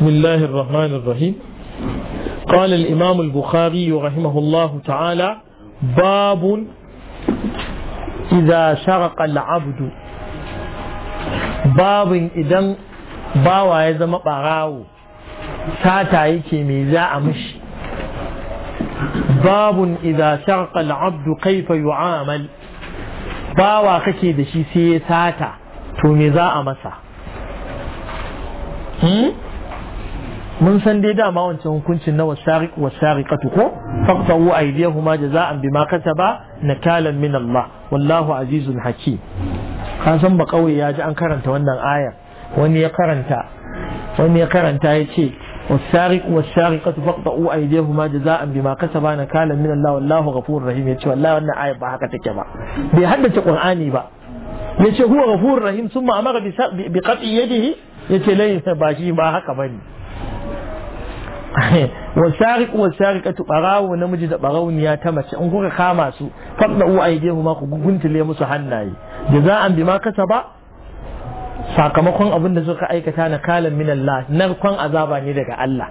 بسم الله الرحمن الرحيم قال الإمام البخاري رحمه الله تعالى باب إذا شرق العبد باب إذا باوا يزم براو ساتا يكي ميزا أمش باب إذا شرق العبد كيف يعامل باوا كي دشي سي ساتا تو ميزا أمسا هم؟ mun san dai dama wancan hukuncin na wasariq wasariqatu ko faqtahu aydiyahuma jaza'an bima kasaba nakalan min Allah wallahu azizun hakim ka san ba kauye ya ji an karanta wannan aya wani ya karanta wani ya karanta ya ce والسارق والسارقة فاقطعوا أيديهما جزاء بما كسبا نكالا من الله والله غفور رحيم يتشي والله أن آية بحكة تكبا بيحدث القرآن با يتشي هو غفور رحيم ثم أمر Ya ce يتشي ليس باشي ما حكى بني wasariq wasariqatu barawo namiji da ya ta mace in kuka kama su fadda uwa aidehu ma ku guguntule musu hannaye jaza'an bima kasaba sakamakon abin da suka aikata na kalan min Allah narkon azaba ne daga Allah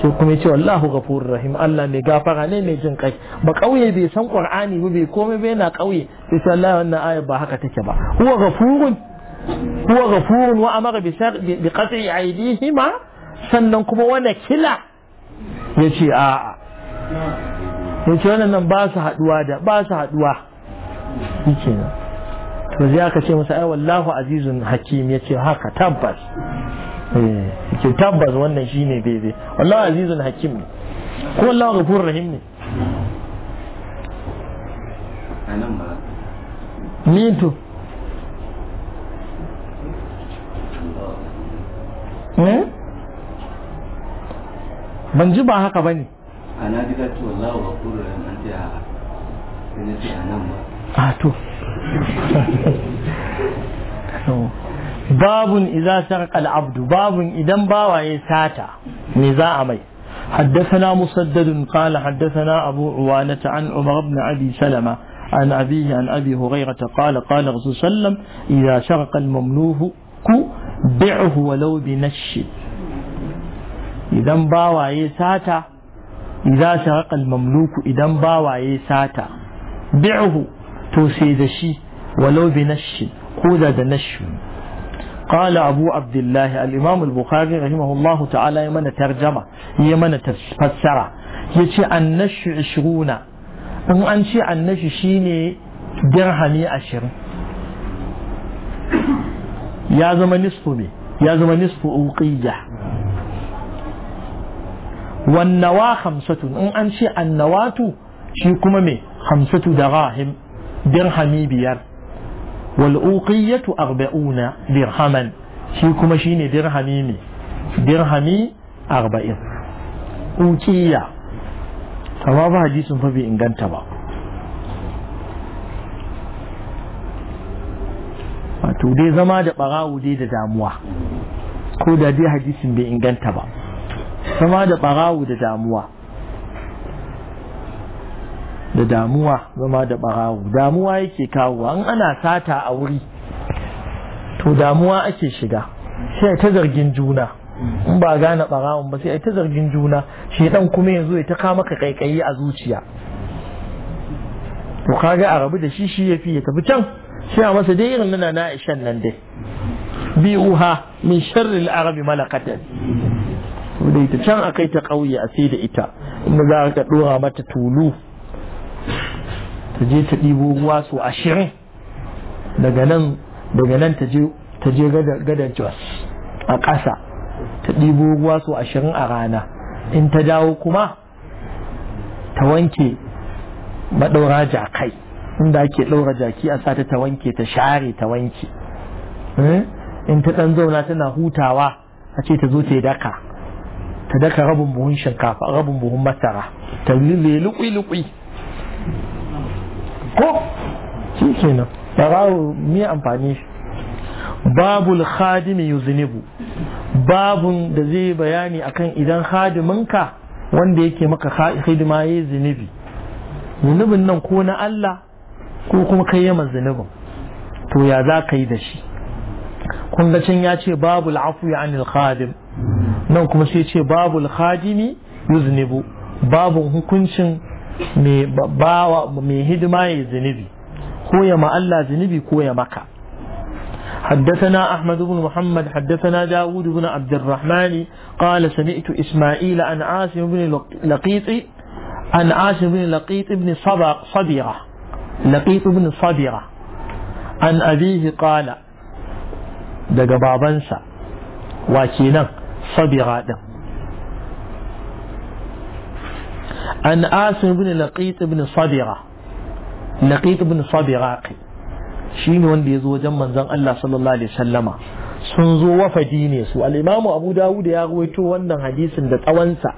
sai kuma ya ce wallahu ghafurur rahim Allah mai gafara ne mai jin kai ba kauye bai san qur'ani ba bai komai bai na kauye sai sai Allah wannan aya ba haka take ba huwa ghafurun huwa ghafurun wa amara bi qat'i aydihima sannan kuma wani kila ya ce a'a ya ce wannan ba su haɗuwa da ba su haɗuwa yake nan to zai aka ce masa ai wallahu azizun hakim ya ce haka tabbas ke eh, tabbas wannan shine daidai wallahu azizun hakim ne ko wallahu ghafurur rahim ne ni to eh ban ji ba haka ba ne a to babun iza sarƙal abdu babun idan bawa ya sata ne za a mai حدثنا مسدد قال حدثنا أبو عوانة عن عمر بن أبي سلمة عن أبيه عن أبي هريرة قال قال رسول الله إذا شرق المملوك بعه ولو بنشد idan bawaye sata idan sharqal mamluku idan bawaye sata bi'uhu to sai da shi walau bi nashi ko da da nashi قال أبو عبد الله الإمام البخاري رحمه الله تعالى يمن ترجمة يمن تفسرة يتي النش عشرون إن أنشي النش شيني درهمي عشرين يا زمن نصف يا زمن نصف أوقية wannawa hamsatu in an ce annawatu shi kuma me hamsatu da rahim dirhami biyar wal uqiyatu arba'una dirhaman shi kuma shi shine dirhami ne dirhami arba'in uqiya amma ba hadisin fa bai inganta ba wato dai zama da barawo dai da damuwa ko da dai hadisin bai inganta ba zama da barawu da damuwa da damuwa zama da barawu damuwa yake kawo an ana sata a wuri to damuwa ake shiga sai ta zargin juna in ba gane ɓarawon ba sai ta zargin juna shi dan kuma yanzu ya ta kama ka kaikayi a zuciya to kaga a rabu da shi shi ya ya tafi can sai a masa dai irin nuna na ishan nan dai bi'uha min sharri al-arabi malakatan da ita can a kai ta ƙauye a sai da ita inda za ka ɗora mata tulu ta je ta ɗibo ruwa so ashirin daga nan daga nan ta je gadar jos a ƙasa ta ɗibo ruwa so ashirin a rana in ta dawo kuma ta wanke maɗaura jakai inda ake ɗaura jaki a sata ta wanke ta share ta wanke eh? in ta ɗan zauna tana hutawa a ce ta zo ta yi daka ta daka rabin buhun shinkafa rabin buhun masara ta lukwi lukwi ko shi kenan barawo mi amfani shi babul khadimi yuznibu babun da zai bayani akan idan hadiminka wanda yake maka hidima yayi zunubi zunubin nan ko na Allah ko kuma kai yama zunubin to ya za ka yi da shi kun ga can ya ce babul ya anil khadim nan kuma sai ce babul khadimi yuznibu babun hukuncin mai hidima ya zunubi ko ya ma'alla zunubi ko ya maka حدثنا أحمد بن محمد حدثنا داود بن عبد الرحمن قال سمعت إسماعيل عن عاصم بن لقيط عن عاصم بن لقيط بن صبر صبيرة لقيط بن صبيرة عن أبيه قال دق بابنسا وكينا sabira ɗin an asim ibn laqit ibn sabira laqit ibn sabira shi ne wanda ya zo wajen manzon Allah sallallahu alaihi wasallama sun zo wafadi ne su al abu dawud ya rawaito wannan hadisin da tsawonsa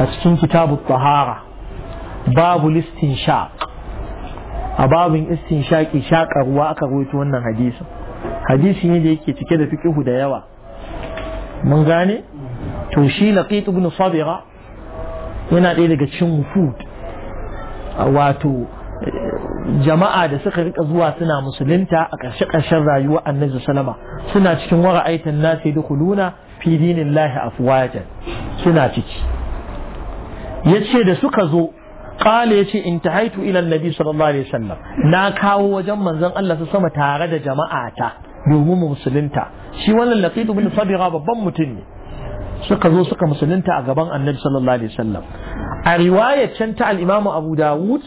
a cikin kitabu tahara babu listin shaq a babin istin shaƙi shaqa ruwa aka rawaito wannan hadisin hadisi ne da yake cike da fikihu da yawa mun gane to shi laqit ibn sabira yana ɗaya daga cikin wufud wato jama'a da suka rika zuwa suna musulunta a ƙarshe ƙarshen rayuwa annabi salama suna cikin wara aitan nasi dukhuluna fi dinillahi afwajan suna ciki yace da suka zo qala yace intahaitu ila annabi sallallahu alaihi wasallam na kawo wajen manzon Allah su sama tare da jama'a ta. domin mu musulunta shi wannan laqid ibn sabira babban mutum ne suka zo suka musulunta a gaban annabi sallallahu alaihi wasallam a riwaya can ta al-imamu abu dawud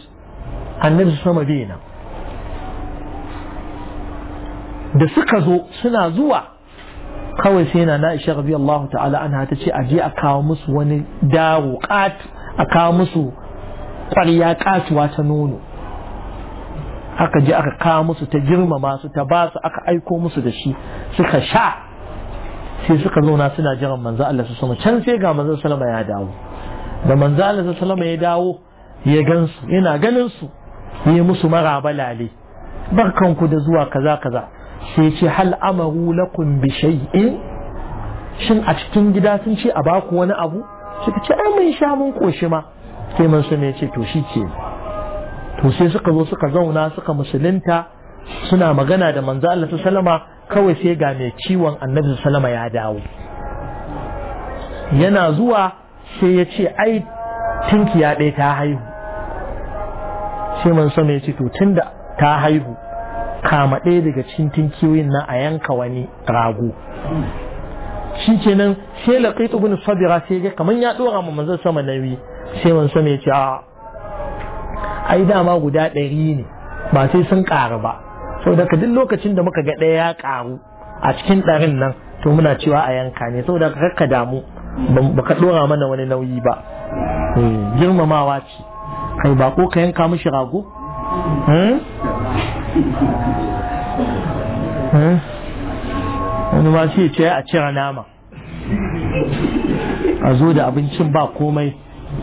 annabi sama bai da suka zo suna zuwa kawai sai na na isha rabi ta'ala anha ta ce aje a kawo musu wani dawo a kawo musu ƙwarya katuwa ta nono aka ji aka kawo musu ta girmama su ta ba su aka aiko musu da shi suka sha sai suka zauna suna jiran manzo Allah sallallahu can sai ga manzo sallama ya dawo da manzo Allah sallama ya dawo ya gansu yana ganin su yi musu maraba lale barkanku da zuwa kaza kaza sai ce hal amaru lakum bi shay'in shin a cikin gida sun ce a baku wani abu suka ce ai mun sha mun koshi ma sai mun ya ce to shi ce. to sai suka zo suka zauna suka musulunta suna magana da manzo Allah salama kawai sai ga mai ciwon annabi salama ya dawo yana zuwa sai ya ce ai ya ɗaya ta haihu sai man sama ya ce to tunda ta haihu kama ɗaya daga cikin tinkiyoyin na a yanka wani rago shi kenan sai laqitu bin sabira sai ga kamar ya ɗora mu manzo sama nauyi sai man sama ya ce a ai dama guda ɗari ne ba sai sun ƙaru ba da ka duk lokacin da muka ga ɗaya ya ƙaru a cikin ɗarin nan to muna cewa a yanka ne da ka damu ba ka ɗora mana wani nauyi ba eh, girmamawa ce kai ba ko ka yanka mashi rago hmm? Hmm? wani ma sai ce a cira nama a zo da abincin ba komai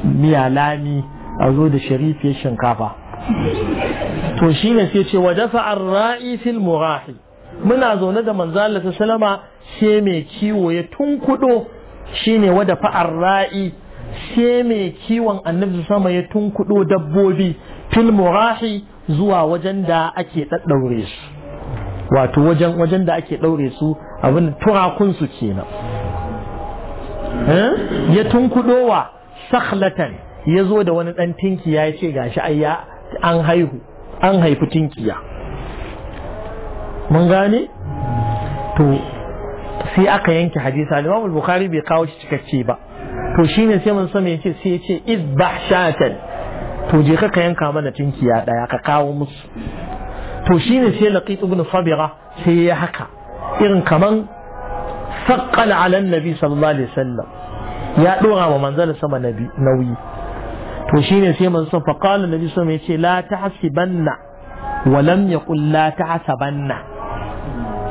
miya lami a zo da ya shinkafa to shi ne sai ce waje ra'i fil murahi muna zaune da manzala ta salama sai mai kiwo ya tunkudo shine wada fa'ar ra'i sai mai kiwon annabi sama ya tunkudo dabbobi fil murahi zuwa wajen da ake ɗaɗɗaure su wato wajen da ake daure su abin turakun su kenan eh? ya tunkudowa sakhlatan ya zo da wani ɗan tinkiya ya ce gashi ayya an haihu an haifi tinkiya mun gane to sai aka yanke hadisa al-Imam bukhari bai kawo shi cikakke ba to shine sai mun ya yace sai yace izbah shatan to je ka yanka mana tinkiya daya ka kawo musu to shine sai Laqit ibn Sabira sai ya haka irin kaman saqqal ala sallallahu alaihi wasallam ya dora wa manzal sama nabi nauyi to shine sai manzo fa qala nabi sallallahu alaihi ce la tahsibanna wa lam yaqul la tahsabanna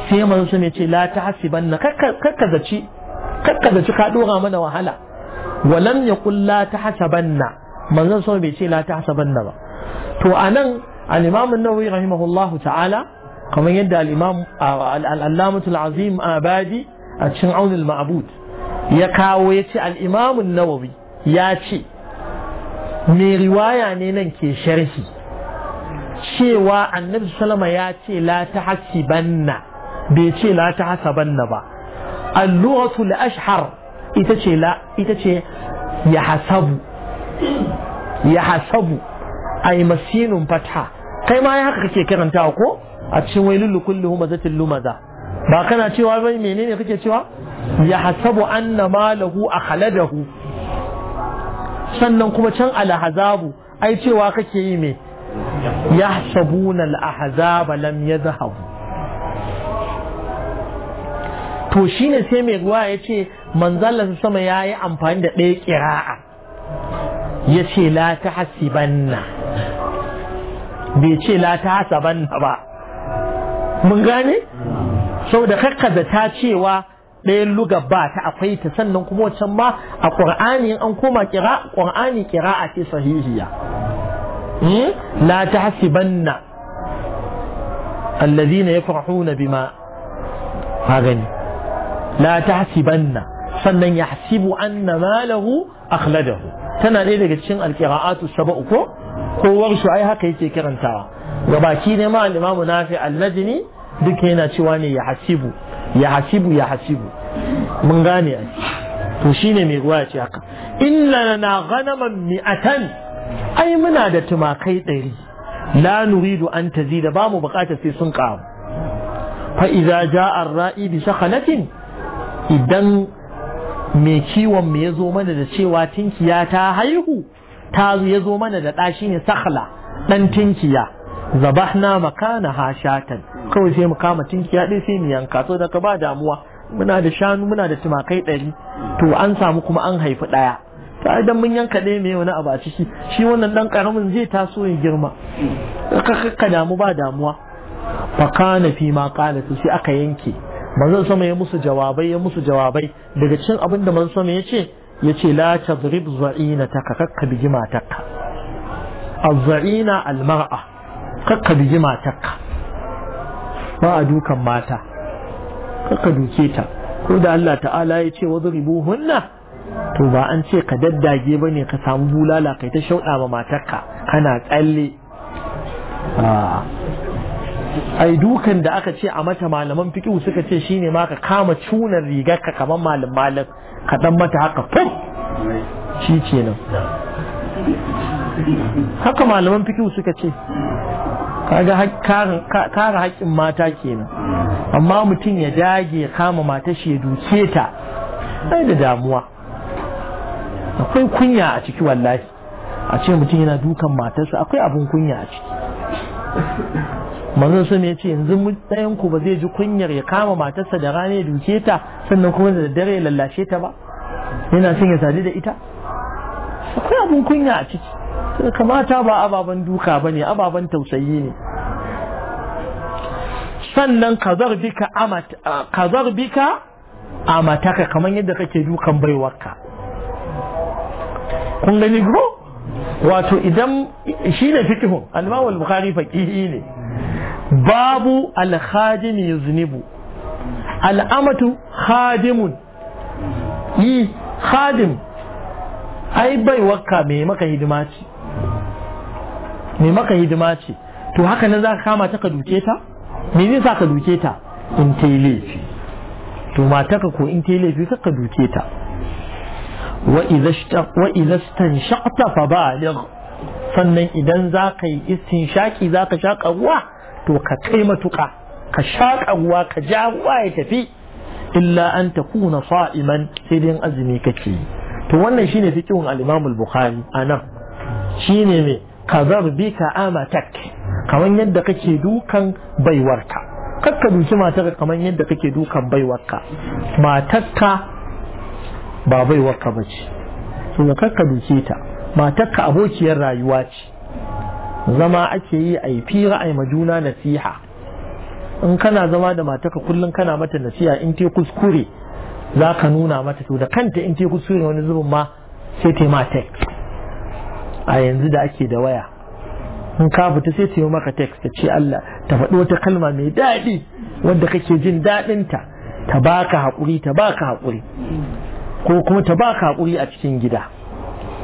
sai manzo sallallahu ce la tahsibanna kakka zaci kakka zaci ka dora mana wahala wa lam yaqul la tahsabanna manzo sallallahu bai ce la tahsabanna ba to anan al-imam an-nawawi rahimahullahu ta'ala kamar yadda al-imam al-allamatu al-azim abadi a cikin aunul ma'bud ya kawo yace al-imam an-nawawi ya ce mai riwaya ne nan ke sharhi cewa annabi salama ya ce la ta bai ce la ta ba al la ashhar ita ce la ita ce ya hasabu ya hasabu ay masinun fatha kai ma ya haka kake karantawa ko a cikin wailul kulli humazatil lumaza ba kana cewa bai menene kake cewa ya hasabu anna malahu akhladahu sannan kuma can alhazabu ai cewa kake yi me yahsabuna alahzaba lam yadhhab to shine sai mai ruwa ya ce su sama ya yi amfani da ɗaya ƙira'a ya ce la ta hasibanna bai ce la ta hasabanna ba mun gane sau da kakkaza ta cewa ɗayan luga ba ta akwai ta sannan kuma wancan ba a ƙur'ani an koma kira ƙur'ani kira a ce sahihiya hmm? la ta ya allazina yafrahuna bima magani la ta hasibanna sannan ya hasibu anna malahu akhladahu tana ɗaya daga cikin alƙira'atu saba'u ko kowar su ai haka yake kirantawa gabaki ne ma al-imamu nafi al-najmi duka yana cewa ne ya hasibu ya hasibu ya hasibu mun gane to shine mai ruwa ya ce haka inna na ghanaman mi'atan ai muna da tumakai ɗari la nuridu an tazida ba mu bukatar sai sun ƙaru fa idza ja'a ar-ra'i bi shakhanatin idan mai kiwon mu ya zo mana da cewa tinkiya ta haihu ta yazo zo mana da ɗa shine sakhla ɗan tinkiya zabahna makana shatan. kawai sai mu kama tinkiya ɗaya sai mu yanka so daga ba damuwa muna da shanu muna da tumakai ɗari to an samu kuma an haifi ɗaya ta idan mun yanka ɗaya mai wani abu a ciki shi wannan ɗan ƙaramin zai taso ya girma ka damu ba damuwa fakana fi ma kala sai aka yanke manzon sama ya musu jawabai ya musu jawabai daga cikin abin da manzon sama ya ce ya ce la tadrib za'ina ka kakka bigi matakka az-za'ina al-mar'a kakka bigi matakka ba a dukan mata ka duke ta ko da Allah ta'ala ya ce wadribu hunna to ba an ce ka daddage ba ne ka samu bulala kai ta shauɗa ma matarka kana tsalle ai dukan da aka ce a mata malaman fikihu suka ce shine ma ka kama cunan rigar ka kaman malam malam ka dan mata haka fuf shi kenan haka malaman fikihu suka ce kaga kare haƙƙin mata kenan amma mutum ya dage kama mata shi ya duke ta sai da damuwa akwai kunya a ciki wallahi a ce mutum yana dukan matarsa akwai abin kunya a ciki manzon sun ya ce yanzu ɗayan ku ba zai ji kunyar ya kama matarsa da rana ya duke ta sannan kuma da dare ya lallashe ta ba yana son ya sadu da ita akwai abin kunya a ciki Saka ba ababen duka ba ne, ababen tausayi ne. Sannan ka bika a mataka kamar yadda kake dukan baiwarka. Kun gani bro? Wato idan shi ne fikihun, almawal Bukhari faƙihi ne. Babu ya yuznibu. Al'amatu khadimun. Yi, khadim ai baiwarka mai maka hidimaci mai maka hidima ce to haka nan za ka kama ta ka duke ta me zai sa ka duke ta in ta yi laifi to mataka ko in ta yi laifi ka duke ta wa idastan shaqta fa sannan idan za ka yi shaƙi za ka shaƙa ruwa to ka kai matuƙa ka shaƙa ruwa ka ja ruwa ya tafi illa an ta kuna fa'iman sai dai azumi kake yi to wannan shine fiqhun al-Imam al-Bukhari anan shine me ka zarbi ka amatak kamar yadda kake dukan baiwarka kakka duki matarka kamar yadda kake dukan baiwarka matarka ba baiwarka ba ce to kakka duke ta matarka abokiyar rayuwa ce zama ake yi a fi ra'ayi ma majuna nasiha in kana zama da matarka kullum kana mata nasiha in te kuskure za ka nuna mata to da kanta in te kuskure wani zubin ma sai ta a yanzu da ake da waya in ka fita sai ta yi maka text ta ce Allah ta faɗi wata kalma mai daɗi wadda kake jin daɗinta ta baka haƙuri ta baka haƙuri ko kuma ta baka haƙuri a cikin gida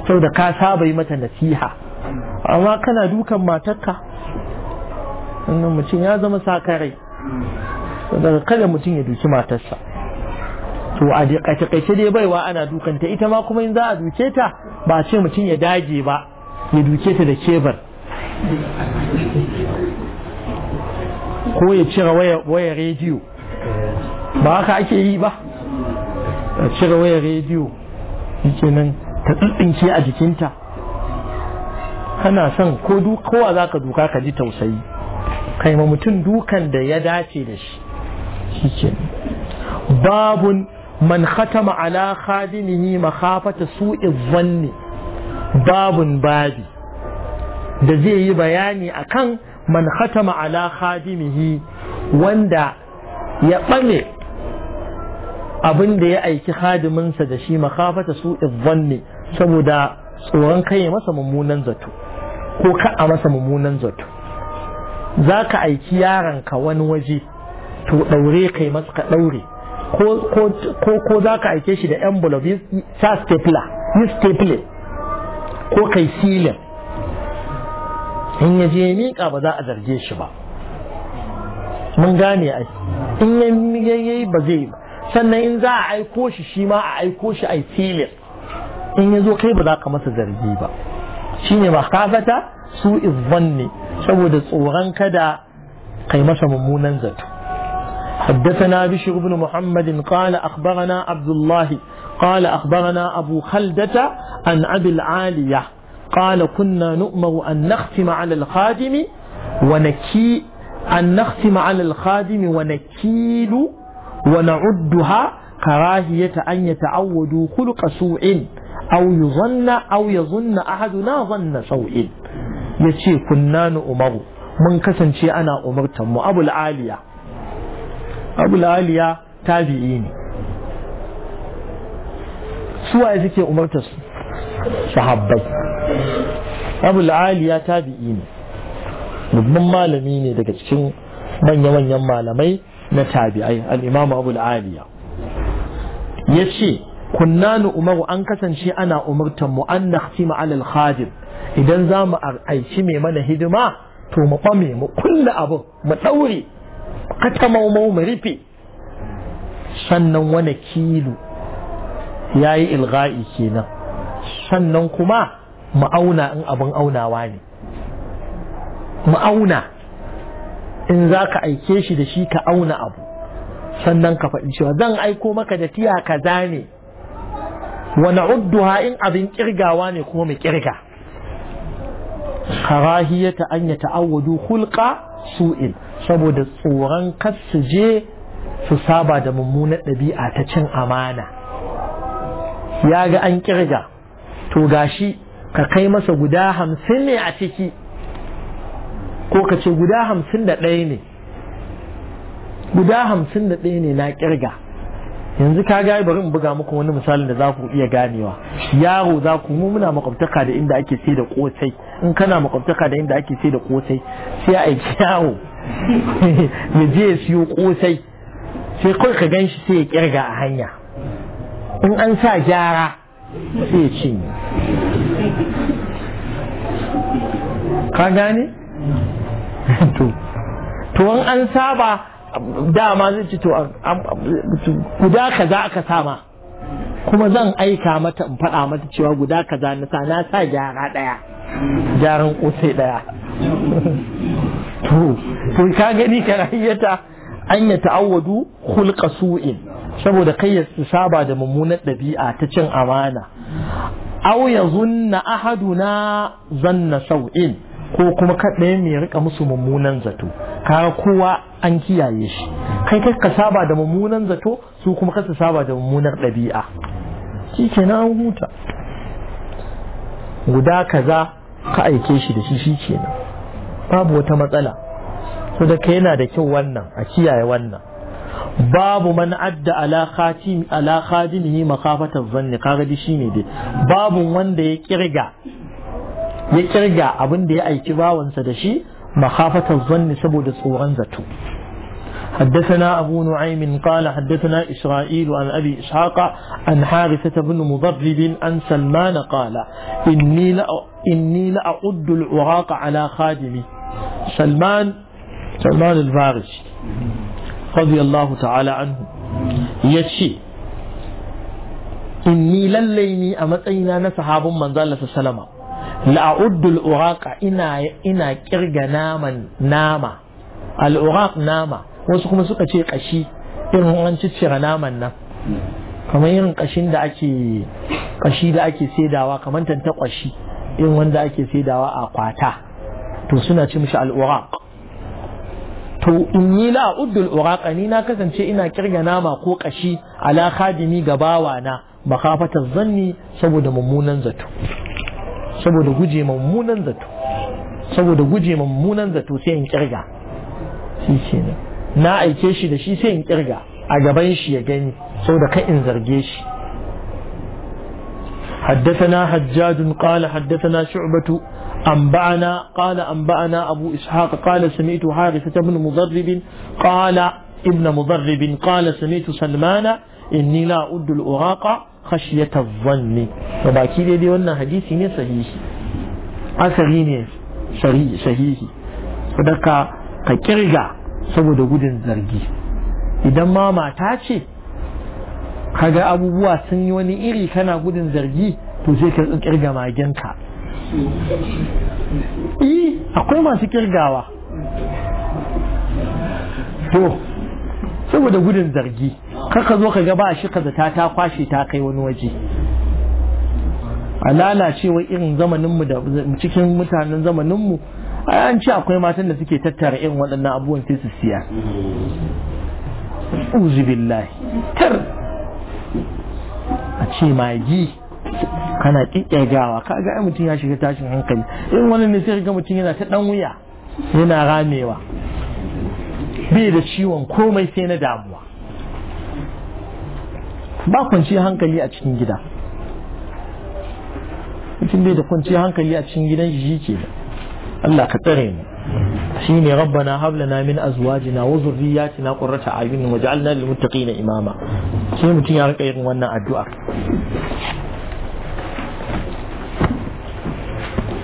saboda ka saba yi mata nasiha amma kana dukan matarka wannan mutum ya zama sakarai daga kada mutum ya duki matarsa so a takaice dai baiwa ana dukanta ita ma kuma in za a duke ta ba ce mutum ya dage ba ya duke ta da kebar ko ya cire waya rediyo ba haka ake yi ba a cire waya rediyo yake nan ta tsintsinke a jikinta kana son ko kowa za ka duka ka ji tausayi kai ma mutum dukan da ya dace da shi shi babun man khatama ala khadimihi makhafata su'i zanni babun babi da zai yi bayani akan man khatama ala khadimihi wanda ya ɓame abin da ya aiki khadiminsa da shi makafata su izvanni saboda tsoron kai masa mummunan zato ko ka a masa mummunan zato za ka aiki yaranka wani waje to ɗaure kai masa ka ɗaure ko ko za ka aike shi da envelope sa stapler yi stapler ko kai silin in ya je miƙa ba za a zarge shi ba mun gane a in ya yi ba zai ba sannan in za a aiko shi shi ma a aiko shi a silin in ya zo kai ba za ka masa zargi ba shi ne makafata su izvanni saboda tsoron kada kai masa mummunan zato حدثنا بشر بن محمد قال أخبرنا عبد الله قال أخبرنا أبو خلدة عن أبي العالية قال كنا نؤمر أن نختم على الخادم ونكي أن نختم على الخادم ونكيل ونعدها كراهية أن يتعودوا خلق سوء أو يظن أو يظن أحدنا ظن سوء يتي كنا نؤمر من كسن شيء أنا أمرتم وأبو العالية abul aliya tabi'i ne suwaye suke umarta su sahabbai abul aliya tabi'i ne babban malami ne daga cikin manya-manyan malamai na tabi'ai al'imamu abul ya ce kunna ni umaru an kasance ana umartar mu an nakhtima alal khadim idan za mu aiki mai mana hidima to mu kwame mu kulle abin mu ɗaure ta maumau mu rufe sannan wani kilu ya yi ilga'i kenan sannan kuma ma'auna in abin aunawa ne ma'auna in za ka aike shi da shi ka auna abu sannan ka faɗi cewa zan aiko maka da tiya kaza ne wani udduha in abin kirgawa ne kuma mu kirga karahiyata an ya ta'awwadu hulƙa su'il saboda tsoron kas su je su saba da mummunan ɗabi'a ta cin amana ya ga an kirga to gashi ka kai masa guda hamsin ne a ciki ko ka ce guda hamsin da ɗaya ne guda hamsin da ɗaya ne na kirga yanzu ka gaya bari in buga muku wani misalin da za ku iya ganewa yaro za ku mu muna makwabtaka da inda ake sai da kotai in kana makwabtaka da inda ake sai da kotai sai a aiki yawo ya je ya siyo kosai sai kawai ka gan shi sai ya kirga a hanya in an sa gyara sai ya cinye ka gane? to to in an saba dama zai ci to guda a, ka sama kuma zan aika mata in faɗa mata cewa guda kaza na sa na sa gyara ɗaya gyaran kosai ɗaya to ka gani rayyata an ya ta'awwadu khulqa su'in saboda kai ya saba da mummunar ɗabi'a ta cin amana aw ya zunna ahaduna zanna sau'in ko kuma kaɗai mai rika musu mummunan zato kaga kowa an kiyaye shi kai kai ka saba da mummunan zato su kuma ka saba da mummunar ɗabi'a shi kenan an huta guda kaza ka aike shi da shi shi kenan babu wata matsala so da ke yana da kyau wannan a kiyaye wannan babu man adda ala khatim ala khadimihi makafatan zanni kaga di shine dai babu wanda ya kirga ya kirga abin da ya aiki bawansa da shi makafatan zanni saboda tsoron zato حدثنا أبو نعيم قال حدثنا إسرائيل عن أبي إسحاق عن حارثة بن مضرب عن سلمان قال إني لأعد العراق على خادمي salman salman al-farisi radiyallahu ta'ala anhu ya ce inni lallai ni a matsayina na sahabin manzala sallama la'uddul uraka ina ina kirga naman nama al uraq nama wasu kuma suka ce kashi irin an ciccira naman nan kamar irin kashin da ake kashi da ake saidawa kamar tanta kwashi irin wanda ake saidawa a kwata to suna ce mishi al'uraq to in yi la'uddul uraq ni na kasance ina kirga nama ko kashi ala khadimi ga bawana makafatar zanni saboda mummunan zato saboda guje mummunan zato saboda guje mummunan zato sai in kirga shi ce na aike shi da shi sai in kirga a gaban shi ya gani saboda kai in zarge shi حدثنا حجاج قال حدثنا شعبة أنبأنا قال أنبأنا أبو إسحاق قال سمعت حارثة بن مضرب قال ابن مضرب قال سمعت سلمان إني لا أد الأوراق خشية الظن وباكي دي دي وانا حديثي ني صحيح أسري ني صحيح فدكا كيرجا saboda gudun zargi idan ma mata ce kaga abubuwa sun yi wani iri kana gudun zargi to sai ka kirga magenka eh akwai masu kirgawa to saboda gudun zargi kaka zo ka gaba shi ka zata ta kwashe ta kai wani waje a lalacewa irin zamaninmu da cikin mutanen zamaninmu an ce akwai matan da suke tattara irin waɗannan abubuwan sai su siya Uzubillahi, tar a ce magi kana gawa ka ga mutum ya shiga tashin hankali in wani ne sai ga mutum yana ta dan wuya yana ramewa bai da ciwon komai sai na damuwa ba kwanciyar hankali a cikin gida mutum bai da kwanciyar hankali a cikin gidan shi ke Allah ka tsare mu Shi ne rabbana hablana min azwajina wa zurriyatina qurrata a'yun waj'alna lil muttaqina imama sai mutum ya rika yin wannan addu'a